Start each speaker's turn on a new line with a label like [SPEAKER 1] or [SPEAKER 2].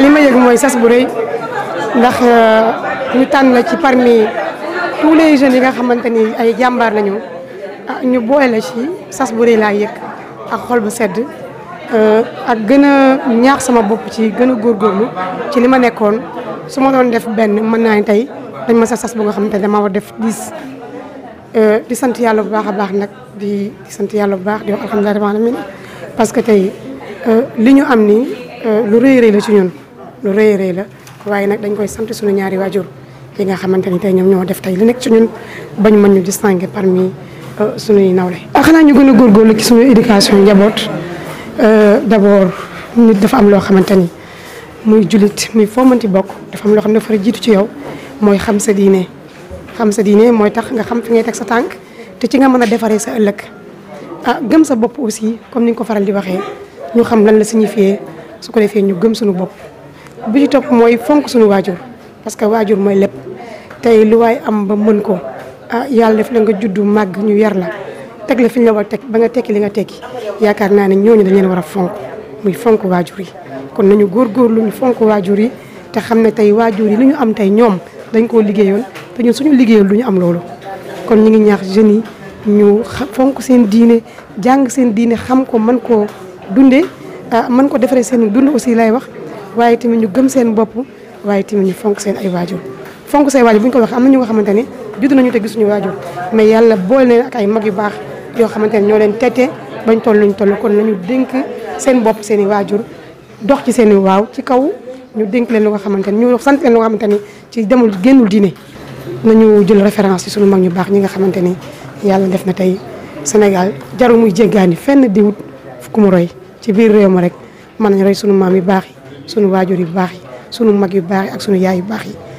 [SPEAKER 1] li ma moy sas bu reuy ndax euh, ñu tan la ci parmi tous les jeunes yi nga xamanteni ay jambar lañu ah, ñu boole la ci sas bu reuy la yëg ak xol bu sedd euh ak gëna ñaax sama bop ci gëna gor gorlu ci lima nekkon suma doon def ben man nañ tay dañ ma sa sas bu nga xamanteni dama wa def 10 euh di sant yalla bu baaxa baax nak di di sant yalla bu baax di wax alhamdullilah rabbil parce que tey euh, li ñu am ni euh lu rëy rëy la ci ñun lu rëy rëy la waaye nag dañ koy sant suñu ñaari waajur yi nga xamante ni tey ñoom ñoo def tey li nekk ci ñun bañ mën ñu distinguer parmi euh, suñuy nawle. Ah, xanaa ñu gën a góorgóorlu ki suñu éducation njaboot euh, d'abord nit dafa am loo xamante ni muy jullit muy foo mënti bokk dafa am loo xam ne dafa jiitu ci yow mooy xam sa diine xam sa diine mooy tax nga xam fi ngay teg sa tànk te ci nga mën a defaree sa ëllëg ah gëm sa bopp aussi comme ni nga ko faral di waxee ñu xam lan la signifié su ko defee ñu gëm suñu bopp. bi ci topp mooy fonk suñu waajur parce que waajur mooy lépp tey lu waay am ba mën ko ah yàlla def la nga juddu màgg ñu yar la teg la fi la war teg ba nga tekki li nga tekki yaakaar naa ne ñooñu dañ leen war a fonk muy fonk waajur yi kon nañu góorgóorlu ñu fonk waajur yi te xam ne tey waajur yi lu ñu am tey ñoom dañ koo liggéeyoon te ñun suñu liggéeyoon lu ñu am loolu kon ñu ngi ñaax jeunes yi ñu fonk seen diine jàng seen diine xam ko mën koo dundee ah, mën ko defaree seen dund aussi lay wax waye timi ñu gëm seen bop waye timi ñu fonk seen ay waajur fonk seen waajur buñ ko wax am na ñu nga xamante ne nañu te gisunu waajur mais yalla bo leen ak ay mag yu bax yo xamante ne leen tete bañ tollu ñu tollu kon nañu dénk seen bop seen i dox ci seen waw ci kaw ñu dénk leen lu nga xamante ni ñu sant leen lu nga xamante ni ci demul génnul diiné nañu jël référence ci suñu mag ñu bax ñi nga xamante ni def na tay Sénégal jaru muy jéggani fenn diwut wut fu mu roy ci biir réew ma rek man ñu roy suñu mam yu bax yi sunu waajur yu baax yi sunu mag yu baax ak sunu yaayu yu baax yi